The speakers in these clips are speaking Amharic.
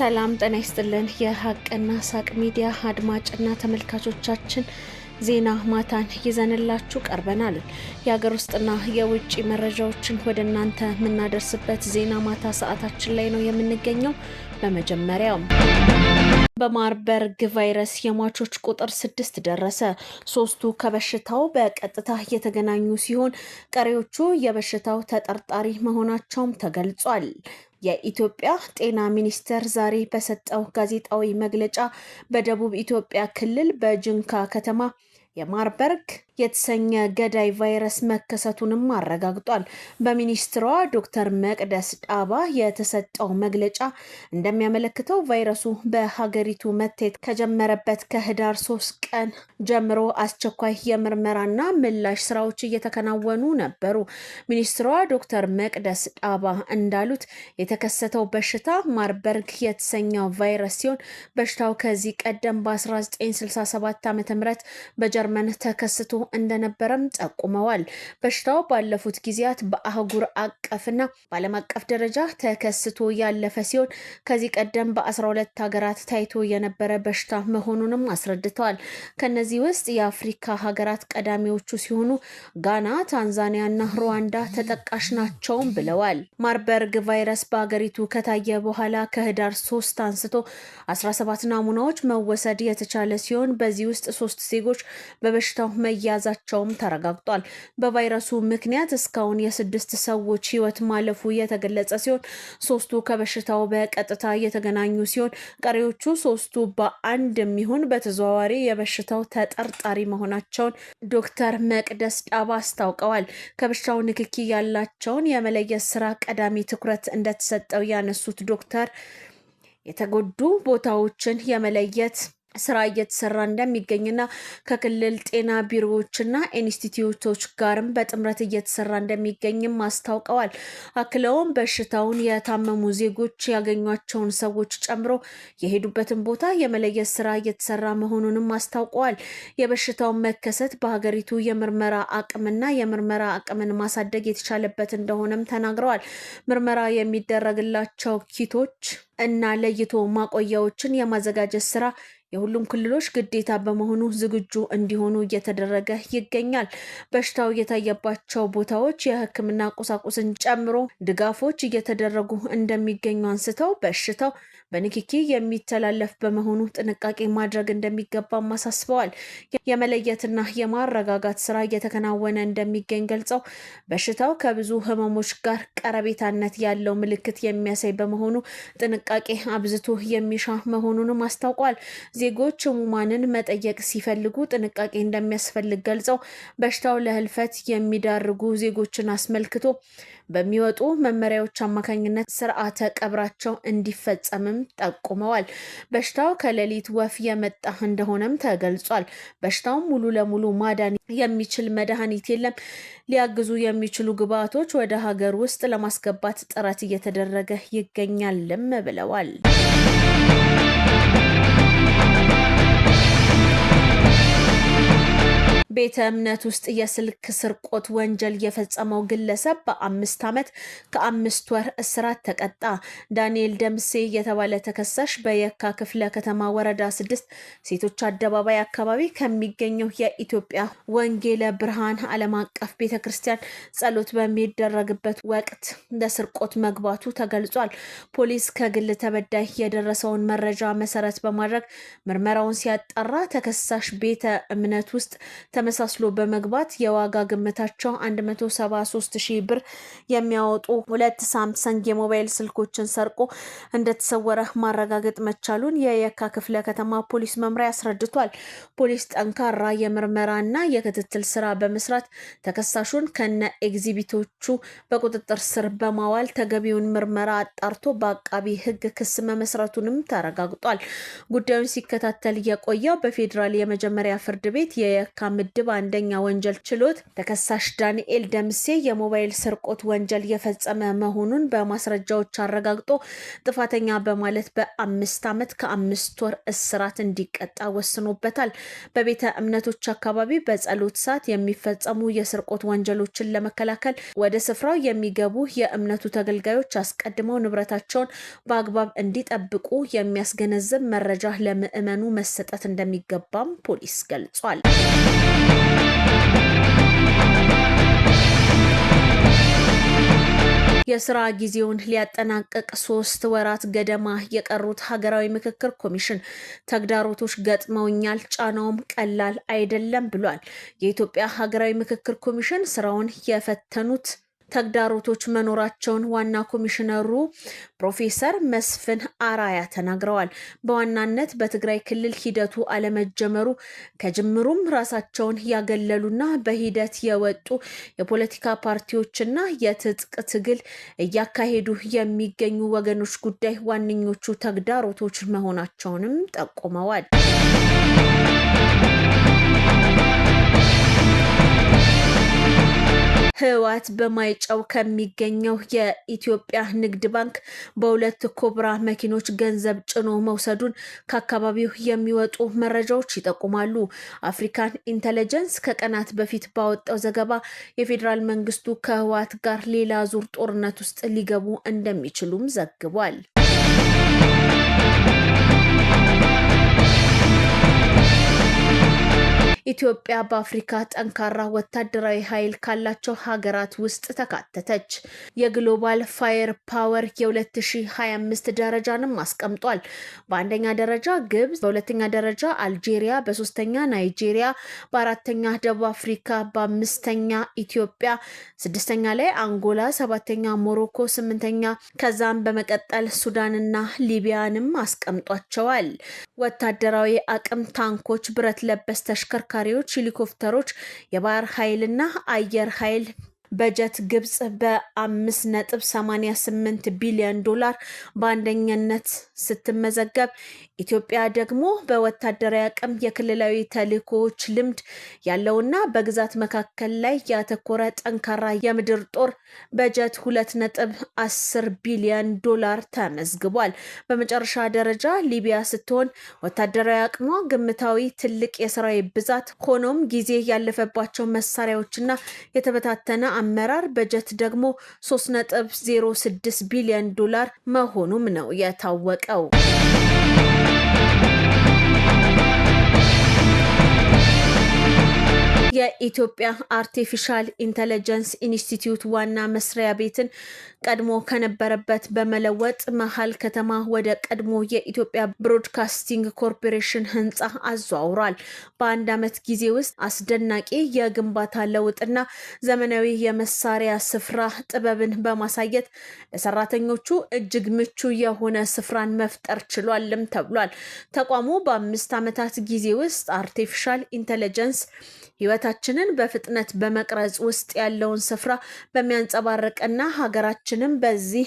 ሰላም ጤና ይስጥልን። የሀቅና ሳቅ ሚዲያ አድማጭና ተመልካቾቻችን ዜና ማታን ይዘንላችሁ ቀርበናል። የሀገር ውስጥና የውጭ መረጃዎችን ወደ እናንተ የምናደርስበት ዜና ማታ ሰዓታችን ላይ ነው የምንገኘው። በመጀመሪያው በማርበርግ ቫይረስ የሟቾች ቁጥር ስድስት ደረሰ። ሶስቱ ከበሽታው በቀጥታ የተገናኙ ሲሆን ቀሪዎቹ የበሽታው ተጠርጣሪ መሆናቸውም ተገልጿል። የኢትዮጵያ ጤና ሚኒስቴር ዛሬ በሰጠው ጋዜጣዊ መግለጫ በደቡብ ኢትዮጵያ ክልል በጅንካ ከተማ የማርበርግ የተሰኘ ገዳይ ቫይረስ መከሰቱንም አረጋግጧል። በሚኒስትሯ ዶክተር መቅደስ ዳባ የተሰጠው መግለጫ እንደሚያመለክተው ቫይረሱ በሀገሪቱ መታየት ከጀመረበት ከህዳር ሶስት ቀን ጀምሮ አስቸኳይ የምርመራና ምላሽ ስራዎች እየተከናወኑ ነበሩ። ሚኒስትሯ ዶክተር መቅደስ ዳባ እንዳሉት የተከሰተው በሽታ ማርበርግ የተሰኘው ቫይረስ ሲሆን በሽታው ከዚህ ቀደም በ1967 ዓ ም በጀር ጀርመን ተከስቶ እንደነበረም ጠቁመዋል። በሽታው ባለፉት ጊዜያት በአህጉር አቀፍና በዓለም አቀፍ ደረጃ ተከስቶ ያለፈ ሲሆን ከዚህ ቀደም በ12 ሀገራት ታይቶ የነበረ በሽታ መሆኑንም አስረድተዋል። ከነዚህ ውስጥ የአፍሪካ ሀገራት ቀዳሚዎቹ ሲሆኑ ጋና፣ ታንዛኒያ እና ሩዋንዳ ተጠቃሽ ናቸውም ብለዋል። ማርበርግ ቫይረስ በሀገሪቱ ከታየ በኋላ ከህዳር ሶስት አንስቶ 17 ናሙናዎች መወሰድ የተቻለ ሲሆን በዚህ ውስጥ ሶስት ዜጎች በበሽታው መያዛቸውም ተረጋግጧል። በቫይረሱ ምክንያት እስካሁን የስድስት ሰዎች ህይወት ማለፉ የተገለጸ ሲሆን ሶስቱ ከበሽታው በቀጥታ የተገናኙ ሲሆን ቀሪዎቹ ሶስቱ በአንድ የሚሆን በተዘዋዋሪ የበሽታው ተጠርጣሪ መሆናቸውን ዶክተር መቅደስ ዳባ አስታውቀዋል። ከበሽታው ንክኪ ያላቸውን የመለየት ስራ ቀዳሚ ትኩረት እንደተሰጠው ያነሱት ዶክተር የተጎዱ ቦታዎችን የመለየት ስራ እየተሰራ እንደሚገኝና ከክልል ጤና ቢሮዎችና ኢንስቲትዩቶች ጋርም በጥምረት እየተሰራ እንደሚገኝም አስታውቀዋል። አክለውም በሽታውን የታመሙ ዜጎች ያገኟቸውን ሰዎች ጨምሮ የሄዱበትን ቦታ የመለየት ስራ እየተሰራ መሆኑንም አስታውቀዋል። የበሽታውን መከሰት በሀገሪቱ የምርመራ አቅምና የምርመራ አቅምን ማሳደግ የተቻለበት እንደሆነም ተናግረዋል። ምርመራ የሚደረግላቸው ኪቶች እና ለይቶ ማቆያዎችን የማዘጋጀት ስራ የሁሉም ክልሎች ግዴታ በመሆኑ ዝግጁ እንዲሆኑ እየተደረገ ይገኛል። በሽታው የታየባቸው ቦታዎች የሕክምና ቁሳቁስን ጨምሮ ድጋፎች እየተደረጉ እንደሚገኙ አንስተው በሽታው በንክኪ የሚተላለፍ በመሆኑ ጥንቃቄ ማድረግ እንደሚገባም አሳስበዋል። የመለየትና የማረጋጋት ስራ እየተከናወነ እንደሚገኝ ገልጸው በሽታው ከብዙ ህመሞች ጋር ቀረቤታነት ያለው ምልክት የሚያሳይ በመሆኑ ጥንቃቄ አብዝቶ የሚሻ መሆኑንም አስታውቋል። ዜጎች ህሙማንን መጠየቅ ሲፈልጉ ጥንቃቄ እንደሚያስፈልግ ገልጸው በሽታው ለህልፈት የሚዳርጉ ዜጎችን አስመልክቶ በሚወጡ መመሪያዎች አማካኝነት ስርዓተ ቀብራቸው እንዲፈጸምም ጠቁመዋል። በሽታው ከሌሊት ወፍ የመጣ እንደሆነም ተገልጿል። በሽታውም ሙሉ ለሙሉ ማዳን የሚችል መድኃኒት የለም። ሊያግዙ የሚችሉ ግብዓቶች ወደ ሀገር ውስጥ ለማስገባት ጥረት እየተደረገ ይገኛልም ብለዋል። ቤተ እምነት ውስጥ የስልክ ስርቆት ወንጀል የፈጸመው ግለሰብ በአምስት ዓመት ከአምስት ወር እስራት ተቀጣ። ዳንኤል ደምሴ የተባለ ተከሳሽ በየካ ክፍለ ከተማ ወረዳ ስድስት ሴቶች አደባባይ አካባቢ ከሚገኘው የኢትዮጵያ ወንጌለ ብርሃን ዓለም አቀፍ ቤተ ክርስቲያን ጸሎት በሚደረግበት ወቅት ለስርቆት መግባቱ ተገልጿል። ፖሊስ ከግል ተበዳይ የደረሰውን መረጃ መሰረት በማድረግ ምርመራውን ሲያጠራ ተከሳሽ ቤተ እምነት ውስጥ ተመሳስሎ በመግባት የዋጋ ግምታቸው 173 ሺህ ብር የሚያወጡ ሁለት ሳምሰንግ የሞባይል ስልኮችን ሰርቆ እንደተሰወረ ማረጋገጥ መቻሉን የየካ ክፍለ ከተማ ፖሊስ መምሪያ አስረድቷል። ፖሊስ ጠንካራ የምርመራና የክትትል ስራ በመስራት ተከሳሹን ከነ ኤግዚቢቶቹ በቁጥጥር ስር በማዋል ተገቢውን ምርመራ አጣርቶ በአቃቢ ሕግ ክስ መመስረቱንም ተረጋግጧል። ጉዳዩን ሲከታተል የቆየው በፌዴራል የመጀመሪያ ፍርድ ቤት የየካ ምድ ምድብ አንደኛ ወንጀል ችሎት ተከሳሽ ዳንኤል ደምሴ የሞባይል ስርቆት ወንጀል የፈጸመ መሆኑን በማስረጃዎች አረጋግጦ ጥፋተኛ በማለት በአምስት ዓመት ከአምስት ወር እስራት እንዲቀጣ ወስኖበታል። በቤተ እምነቶች አካባቢ በጸሎት ሰዓት የሚፈጸሙ የስርቆት ወንጀሎችን ለመከላከል ወደ ስፍራው የሚገቡ የእምነቱ ተገልጋዮች አስቀድመው ንብረታቸውን በአግባብ እንዲጠብቁ የሚያስገነዝብ መረጃ ለምዕመኑ መሰጠት እንደሚገባም ፖሊስ ገልጿል። የስራ ጊዜውን ሊያጠናቅቅ ሶስት ወራት ገደማ የቀሩት ሀገራዊ ምክክር ኮሚሽን ተግዳሮቶች ገጥመውኛል፣ ጫናውም ቀላል አይደለም ብሏል። የኢትዮጵያ ሀገራዊ ምክክር ኮሚሽን ስራውን የፈተኑት ተግዳሮቶች መኖራቸውን ዋና ኮሚሽነሩ ፕሮፌሰር መስፍን አራያ ተናግረዋል። በዋናነት በትግራይ ክልል ሂደቱ አለመጀመሩ ከጅምሩም ራሳቸውን ያገለሉና በሂደት የወጡ የፖለቲካ ፓርቲዎችና የትጥቅ ትግል እያካሄዱ የሚገኙ ወገኖች ጉዳይ ዋነኞቹ ተግዳሮቶች መሆናቸውንም ጠቁመዋል። ህወሓት በማይጨው ከሚገኘው የኢትዮጵያ ንግድ ባንክ በሁለት ኮብራ መኪኖች ገንዘብ ጭኖ መውሰዱን ከአካባቢው የሚወጡ መረጃዎች ይጠቁማሉ። አፍሪካን ኢንተለጀንስ ከቀናት በፊት ባወጣው ዘገባ የፌዴራል መንግስቱ ከህወሓት ጋር ሌላ ዙር ጦርነት ውስጥ ሊገቡ እንደሚችሉም ዘግቧል። ኢትዮጵያ በአፍሪካ ጠንካራ ወታደራዊ ኃይል ካላቸው ሀገራት ውስጥ ተካተተች። የግሎባል ፋየር ፓወር የ2025 ደረጃንም አስቀምጧል። በአንደኛ ደረጃ ግብፅ፣ በሁለተኛ ደረጃ አልጄሪያ፣ በሶስተኛ ናይጄሪያ፣ በአራተኛ ደቡብ አፍሪካ፣ በአምስተኛ ኢትዮጵያ፣ ስድስተኛ ላይ አንጎላ፣ ሰባተኛ ሞሮኮ፣ ስምንተኛ ከዛም በመቀጠል ሱዳንና ሊቢያንም አስቀምጧቸዋል። ወታደራዊ አቅም ታንኮች፣ ብረት ለበስ ተሽከርካሪ ተሽከርካሪዎች፣ ሄሊኮፕተሮች፣ የባህር ኃይልና አየር ኃይል በጀት ግብጽ በ5.88 ቢሊዮን ዶላር በአንደኛነት ስትመዘገብ ኢትዮጵያ ደግሞ በወታደራዊ አቅም የክልላዊ ተልእኮዎች ልምድ ያለውና በግዛት መካከል ላይ ያተኮረ ጠንካራ የምድር ጦር በጀት 2.10 ቢሊዮን ዶላር ተመዝግቧል። በመጨረሻ ደረጃ ሊቢያ ስትሆን ወታደራዊ አቅሟ ግምታዊ ትልቅ የሰራዊት ብዛት ሆኖም ጊዜ ያለፈባቸው መሳሪያዎችና የተበታተነ አመራር በጀት ደግሞ 3.06 ቢሊዮን ዶላር መሆኑም ነው የታወቀው። የኢትዮጵያ አርቲፊሻል ኢንተለጀንስ ኢንስቲትዩት ዋና መስሪያ ቤትን ቀድሞ ከነበረበት በመለወጥ መሀል ከተማ ወደ ቀድሞ የኢትዮጵያ ብሮድካስቲንግ ኮርፖሬሽን ህንፃ አዘዋውሯል። በአንድ ዓመት ጊዜ ውስጥ አስደናቂ የግንባታ ለውጥና ዘመናዊ የመሳሪያ ስፍራ ጥበብን በማሳየት ለሰራተኞቹ እጅግ ምቹ የሆነ ስፍራን መፍጠር ችሏልም ተብሏል። ተቋሙ በአምስት ዓመታት ጊዜ ውስጥ አርቲፊሻል ኢንተለጀንስ ህይወታችንን በፍጥነት በመቅረጽ ውስጥ ያለውን ስፍራ በሚያንጸባርቅና ሀገራችን ሀገራችንም በዚህ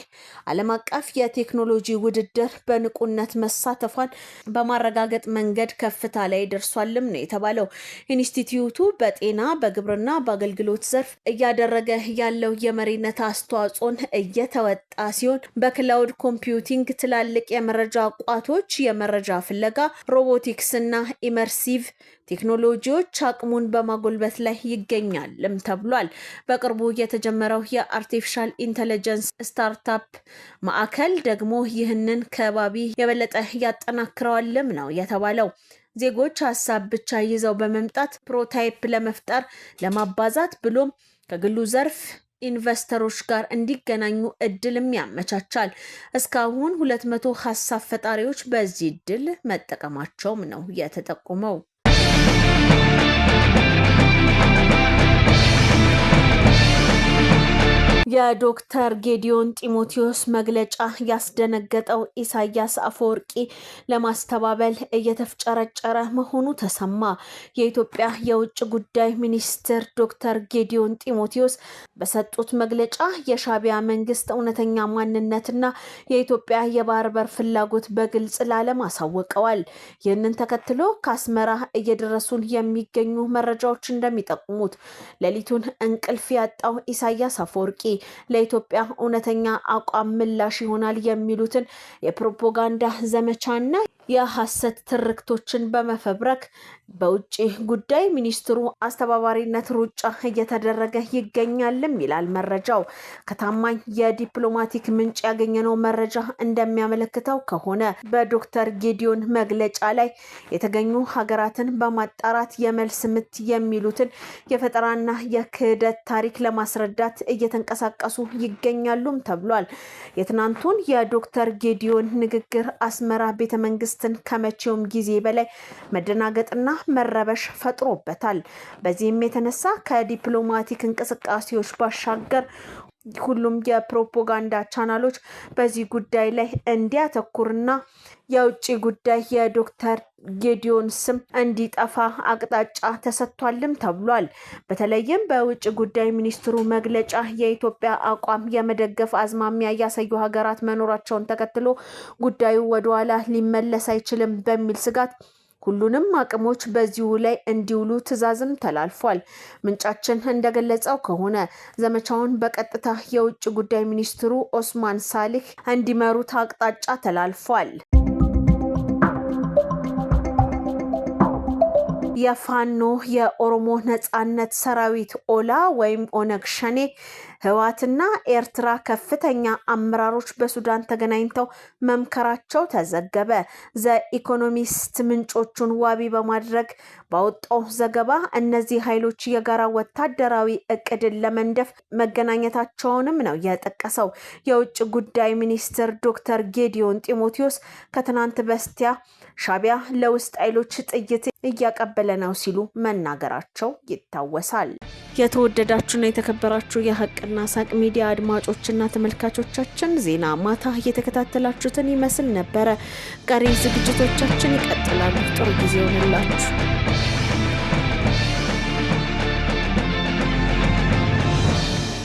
ዓለም አቀፍ የቴክኖሎጂ ውድድር በንቁነት መሳተፏን በማረጋገጥ መንገድ ከፍታ ላይ ደርሷልም ነው የተባለው። ኢንስቲትዩቱ በጤና በግብርና በአገልግሎት ዘርፍ እያደረገ ያለው የመሪነት አስተዋጽኦን እየተወጣ ሲሆን በክላውድ ኮምፒውቲንግ ትላልቅ የመረጃ ቋቶች፣ የመረጃ ፍለጋ፣ ሮቦቲክስ እና ኢመርሲቭ ቴክኖሎጂዎች አቅሙን በማጎልበት ላይ ይገኛልም ተብሏል። በቅርቡ የተጀመረው የአርቲፊሻል ኢንተለጀንስ ኢንቴሊጀንስ ስታርታፕ ማዕከል ደግሞ ይህንን ከባቢ የበለጠ ያጠናክረዋልም ነው የተባለው። ዜጎች ሀሳብ ብቻ ይዘው በመምጣት ፕሮታይፕ ለመፍጠር ለማባዛት፣ ብሎም ከግሉ ዘርፍ ኢንቨስተሮች ጋር እንዲገናኙ እድልም ያመቻቻል። እስካሁን ሁለት መቶ ሀሳብ ፈጣሪዎች በዚህ እድል መጠቀማቸውም ነው የተጠቁመው። የዶክተር ጌዲዮን ጢሞቴዎስ መግለጫ ያስደነገጠው ኢሳያስ አፈወርቂ ለማስተባበል እየተፍጨረጨረ መሆኑ ተሰማ። የኢትዮጵያ የውጭ ጉዳይ ሚኒስትር ዶክተር ጌዲዮን ጢሞቴዎስ በሰጡት መግለጫ የሻቢያ መንግስት እውነተኛ ማንነትና የኢትዮጵያ የባህር በር ፍላጎት በግልጽ ለዓለም አሳውቀዋል። ይህንን ተከትሎ ከአስመራ እየደረሱን የሚገኙ መረጃዎች እንደሚጠቁሙት ሌሊቱን እንቅልፍ ያጣው ኢሳያስ አፈወርቂ ለኢትዮጵያ እውነተኛ አቋም ምላሽ ይሆናል የሚሉትን የፕሮፓጋንዳ ዘመቻና የሐሰት ትርክቶችን በመፈብረክ በውጭ ጉዳይ ሚኒስትሩ አስተባባሪነት ሩጫ እየተደረገ ይገኛልም ይላል መረጃው። ከታማኝ የዲፕሎማቲክ ምንጭ ያገኘነው መረጃ እንደሚያመለክተው ከሆነ በዶክተር ጌዲዮን መግለጫ ላይ የተገኙ ሀገራትን በማጣራት የመልስ ምት የሚሉትን የፈጠራና የክህደት ታሪክ ለማስረዳት እየተንቀሳቀሱ ይገኛሉም ተብሏል። የትናንቱን የዶክተር ጌዲዮን ንግግር አስመራ ቤተ መንግስት መንግስትን ከመቼውም ጊዜ በላይ መደናገጥና መረበሽ ፈጥሮበታል። በዚህም የተነሳ ከዲፕሎማቲክ እንቅስቃሴዎች ባሻገር ሁሉም የፕሮፓጋንዳ ቻናሎች በዚህ ጉዳይ ላይ እንዲያተኩርና የውጭ ጉዳይ የዶክተር ጌዲዮን ስም እንዲጠፋ አቅጣጫ ተሰጥቷልም ተብሏል። በተለይም በውጭ ጉዳይ ሚኒስትሩ መግለጫ የኢትዮጵያ አቋም የመደገፍ አዝማሚያ ያሳዩ ሀገራት መኖራቸውን ተከትሎ ጉዳዩ ወደኋላ ሊመለስ አይችልም በሚል ስጋት ሁሉንም አቅሞች በዚሁ ላይ እንዲውሉ ትዕዛዝም ተላልፏል። ምንጫችን እንደገለጸው ከሆነ ዘመቻውን በቀጥታ የውጭ ጉዳይ ሚኒስትሩ ኦስማን ሳሊህ እንዲመሩት አቅጣጫ ተላልፏል። የፋኖ የኦሮሞ ነጻነት ሰራዊት ኦላ ወይም ኦነግ ሸኔ ህወሓትና ኤርትራ ከፍተኛ አመራሮች በሱዳን ተገናኝተው መምከራቸው ተዘገበ። ዘኢኮኖሚስት ምንጮቹን ዋቢ በማድረግ ባወጣው ዘገባ እነዚህ ኃይሎች የጋራ ወታደራዊ እቅድን ለመንደፍ መገናኘታቸውንም ነው የጠቀሰው። የውጭ ጉዳይ ሚኒስትር ዶክተር ጌዲዮን ጢሞቴዎስ ከትናንት በስቲያ ሻቢያ ለውስጥ ኃይሎች ጥይት እያቀበለ ነው ሲሉ መናገራቸው ይታወሳል። የተወደዳችሁና የተከበራችሁ የሀቅ የሀገርና ሳቅ ሚዲያ አድማጮችና ተመልካቾቻችን ዜና ማታ እየተከታተላችሁትን ይመስል ነበረ። ቀሪ ዝግጅቶቻችን ይቀጥላሉ። ጥሩ ጊዜ ይሆንላችሁ።